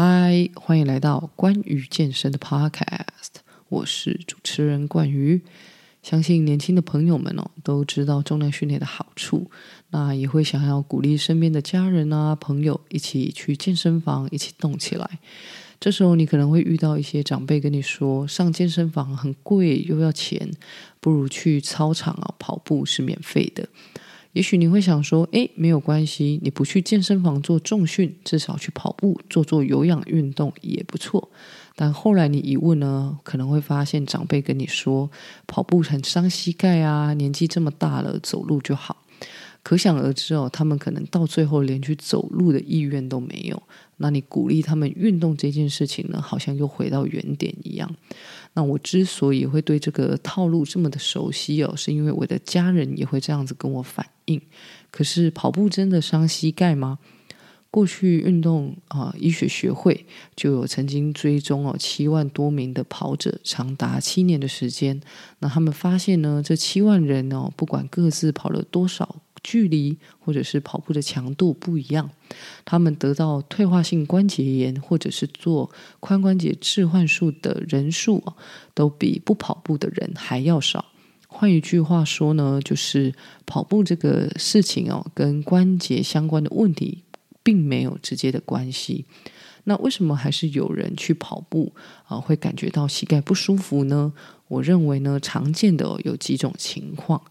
嗨，Hi, 歡迎來到關於健身的 Podcast，我是主持人冠瑜。相信年輕的朋友們哦，都知道重量訓練的好處，那也會想要鼓勵身邊的家人啊、朋友一起去健身房，一起動起來。這時候你可能會遇到一些長輩跟你說，上健身房很貴，又要錢，不如去操場啊跑步是免費的。也許你會想說：“哎，沒有關係，你不去健身房做重訓，至少去跑步做做有氧運動也不錯。”但後來你一問呢，可能會發現長輩跟你說：“跑步很傷膝蓋啊，年紀這麼大了，走路就好。”可想而知哦，他們可能到最後連去走路的意願都沒有。那你鼓勵他們運動這件事情呢，好像又回到原點一樣。那我之所以會對這個套路這麼的熟悉哦，是因為我的家人也會這樣子跟我反映。可是跑步真的傷膝蓋嗎？過去運動啊、呃，醫學學會就有曾經追蹤哦，七萬多名的跑者，長達七年的時間。那他們發現呢，這七萬人哦，不管各自跑了多少。距離或者是跑步的強度不一樣，他們得到退化性關節炎或者是做髖關節置換術的人數啊，都比不跑步的人還要少。換一句話說呢，就是跑步這個事情哦啊，跟關節相關的問題並沒有直接的關係。那為什麼還是有人去跑步啊，會感覺到膝蓋不舒服呢？我認為呢，常見的哦，有幾種情況。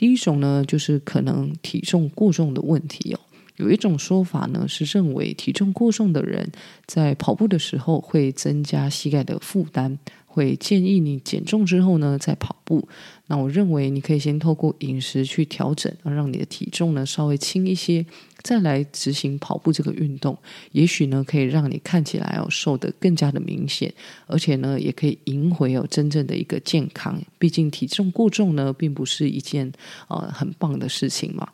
第一種呢，就是可能體重過重的問題哦。有一種說法呢，是認為體重過重的人在跑步的時候，會增加膝蓋的負擔，會建議你減重之後呢再跑步。那我認為你可以先透過飲食去調整，讓你的體重呢稍微輕一些，再來執行跑步這個運動，也許呢可以讓你看起來哦瘦得更加的明顯，而且呢也可以贏回哦真正的一個健康。畢竟體重過重呢並不是一件呃很棒的事情嘛。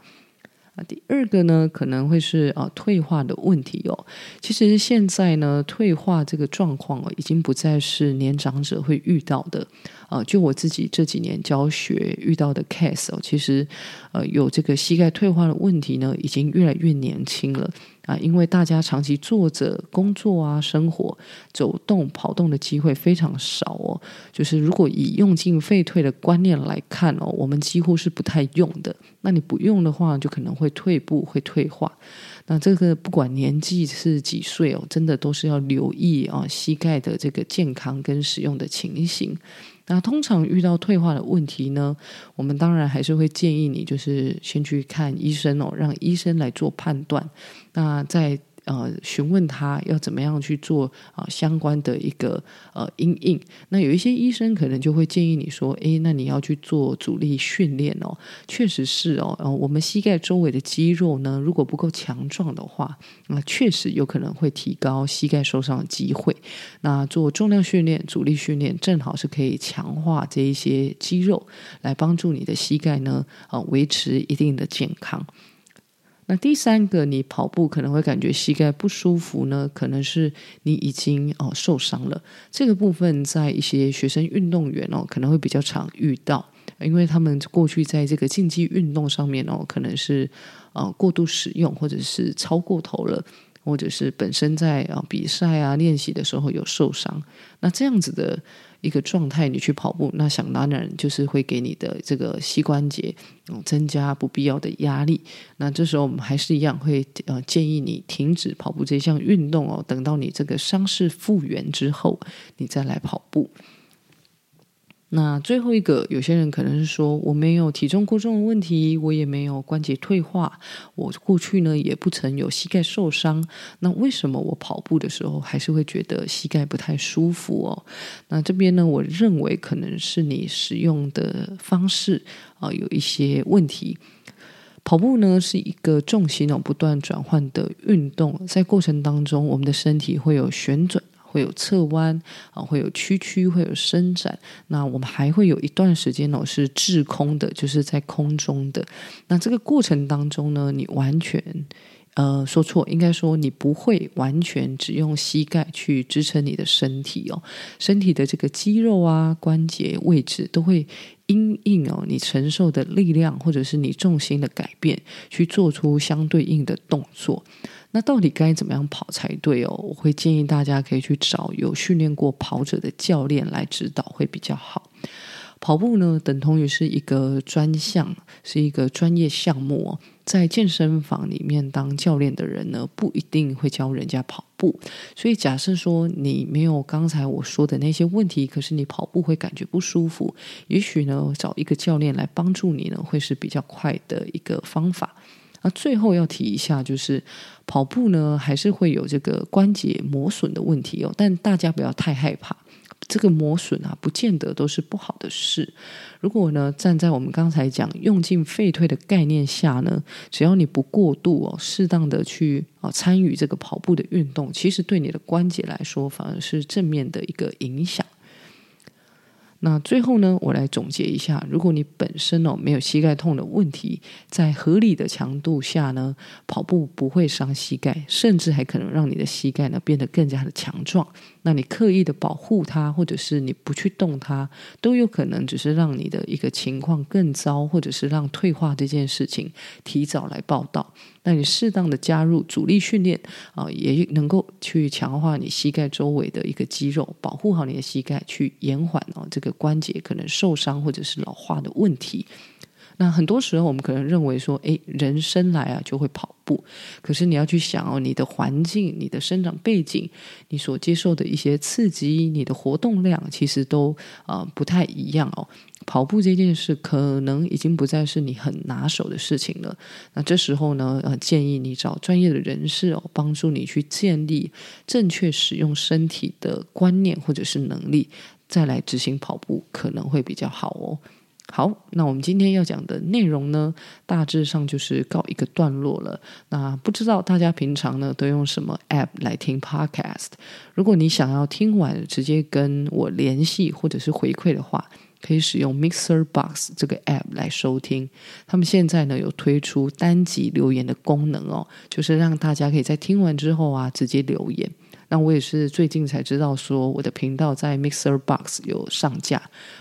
啊，第二個呢，可能會是啊，呃，退化的問題哦。其實現在呢，退化這個狀況哦，已經不再是年長者會遇到的。啊，呃，就我自己這幾年教學遇到的 case 哦，其實呃有這個膝蓋退化的問題呢，已經越來越年輕了。啊，因為大家長期坐着工作啊，生活走動、跑動的機會非常少哦。就是如果以用進廢退的觀念來看哦，我們幾乎是不太用的。那你不用的話，就可能會退步、會退化。那這個不管年紀是幾歲哦，真的都是要留意啊，膝蓋的這個健康跟使用的情形。那通常遇到退化的問題呢，我們當然還是會建議你，就是先去看醫生哦，讓醫生來做判斷。那在。呃，詢問他要怎麼樣去做啊、呃，相關的一個呃陰影。那有一些醫生可能就會建議你說，哎，那你要去做阻力訓練哦。確實是哦、呃，我們膝蓋周圍的肌肉呢，如果不夠強壯的話，那確實有可能會提高膝蓋受傷的機會。那做重量訓練、阻力訓練，正好是可以強化這一些肌肉，來幫助你的膝蓋呢啊、呃，維持一定的健康。那第三個，你跑步可能會感覺膝蓋不舒服呢，可能是你已經哦受傷了。這個部分在一些學生運動員哦，可能會比較常遇到，因為他們過去在這個競技運動上面哦，可能是呃過度使用，或者是超過頭了，或者是本身在啊，呃，比賽啊練習的時候有受傷。那這樣子的。一個狀態，你去跑步，那想當然就是會給你的這個膝關節增加不必要的壓力。那這時候我們還是一樣會呃建議你停止跑步這項運動哦，等到你這個傷勢復原之後，你再來跑步。那最後一個，有些人可能是說我沒有體重過重的問題，我也沒有關節退化，我過去呢也不曾有膝蓋受傷，那為什麼我跑步的時候還是會覺得膝蓋不太舒服哦？那這邊呢，我認為可能是你使用的方式啊、呃、有一些問題。跑步呢是一個重心哦不斷轉換的運動，在過程當中，我們的身體會有旋轉。會有側彎啊，會有屈曲，曲，會有伸展。那我們還會有一段時間呢、哦，是滯空的，就是在空中的。那這個過程當中呢，你完全呃說錯，應該說你不會完全只用膝蓋去支撐你的身體哦。身體的這個肌肉啊、關節位置都會因應哦你承受的力量或者是你重心的改變，去做出相對應的動作。那到底該怎麼樣跑才對哦？我會建議大家可以去找有訓練過跑者的教練來指導會比較好。跑步呢，等同於是一個專項，是一個專業項目哦。在健身房裡面當教練的人呢，不一定會教人家跑步。所以，假設說你沒有剛才我說的那些問題，可是你跑步會感覺不舒服，也許呢，找一個教練來幫助你呢，會是比較快的一個方法。那、啊、最後要提一下，就是跑步呢，還是會有這個關節磨損的問題哦。但大家不要太害怕，這個磨損啊，不見得都是不好的事。如果呢，站在我們剛才講用進廢退的概念下呢，只要你不過度哦，適當的去啊參與這個跑步的運動，其實對你的關節來說，反而是正面的一個影響。那最後呢，我來總結一下：如果你本身哦沒有膝蓋痛的問題，在合理的強度下呢，跑步不會傷膝蓋，甚至還可能讓你的膝蓋呢變得更加的強壯。那你刻意的保護它，或者是你不去動它，都有可能只是讓你的一個情況更糟，或者是讓退化這件事情提早來報到。那你適當的加入阻力訓練啊，哦，也能夠去強化你膝蓋周圍的一個肌肉，保護好你的膝蓋，去延緩哦這個。關節可能受傷或者是老化的問題。那很多時候我們可能認為說，誒，人生來啊就會跑步。可是你要去想哦，你的環境、你的生長背景、你所接受的一些刺激、你的活動量，其實都啊，呃，不太一樣哦。跑步這件事，可能已經不再是你很拿手的事情了。那這時候呢，呃，建議你找專業的人士哦，幫助你去建立正確使用身體的觀念或者是能力。再來執行跑步可能會比較好哦。好，那我們今天要講的內容呢，大致上就是告一個段落了。那不知道大家平常呢都用什麼 App 來聽 Podcast？如果你想要聽完直接跟我聯繫或者是回饋的話，可以使用 MixerBox 這個 App 來收聽。他們現在呢有推出單集留言的功能哦，就是讓大家可以在聽完之後啊直接留言。那我也是最近才知道，說我的頻道在 Mixer Box 有上架，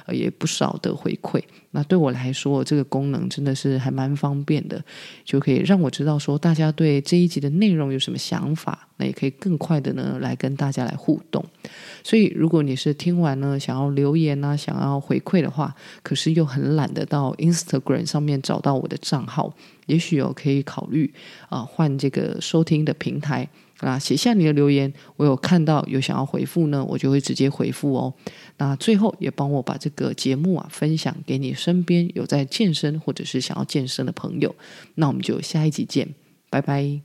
也不少的回饋。那對我來說，這個功能真的是還蠻方便的，就可以讓我知道說大家對這一集的內容有什麼想法。那也可以更快的呢來跟大家來互動。所以如果你是聽完了想要留言啊，想要回饋的話，可是又很懶得到 Instagram 上面找到我的賬號，也許有、哦、可以考慮啊換這個收聽的平台。那，寫下你的留言，我有看到有想要回復呢，我就會直接回復哦。那最後也幫我把這個節目啊分享給你身邊有在健身或者是想要健身的朋友。那我們就下一集見，拜拜。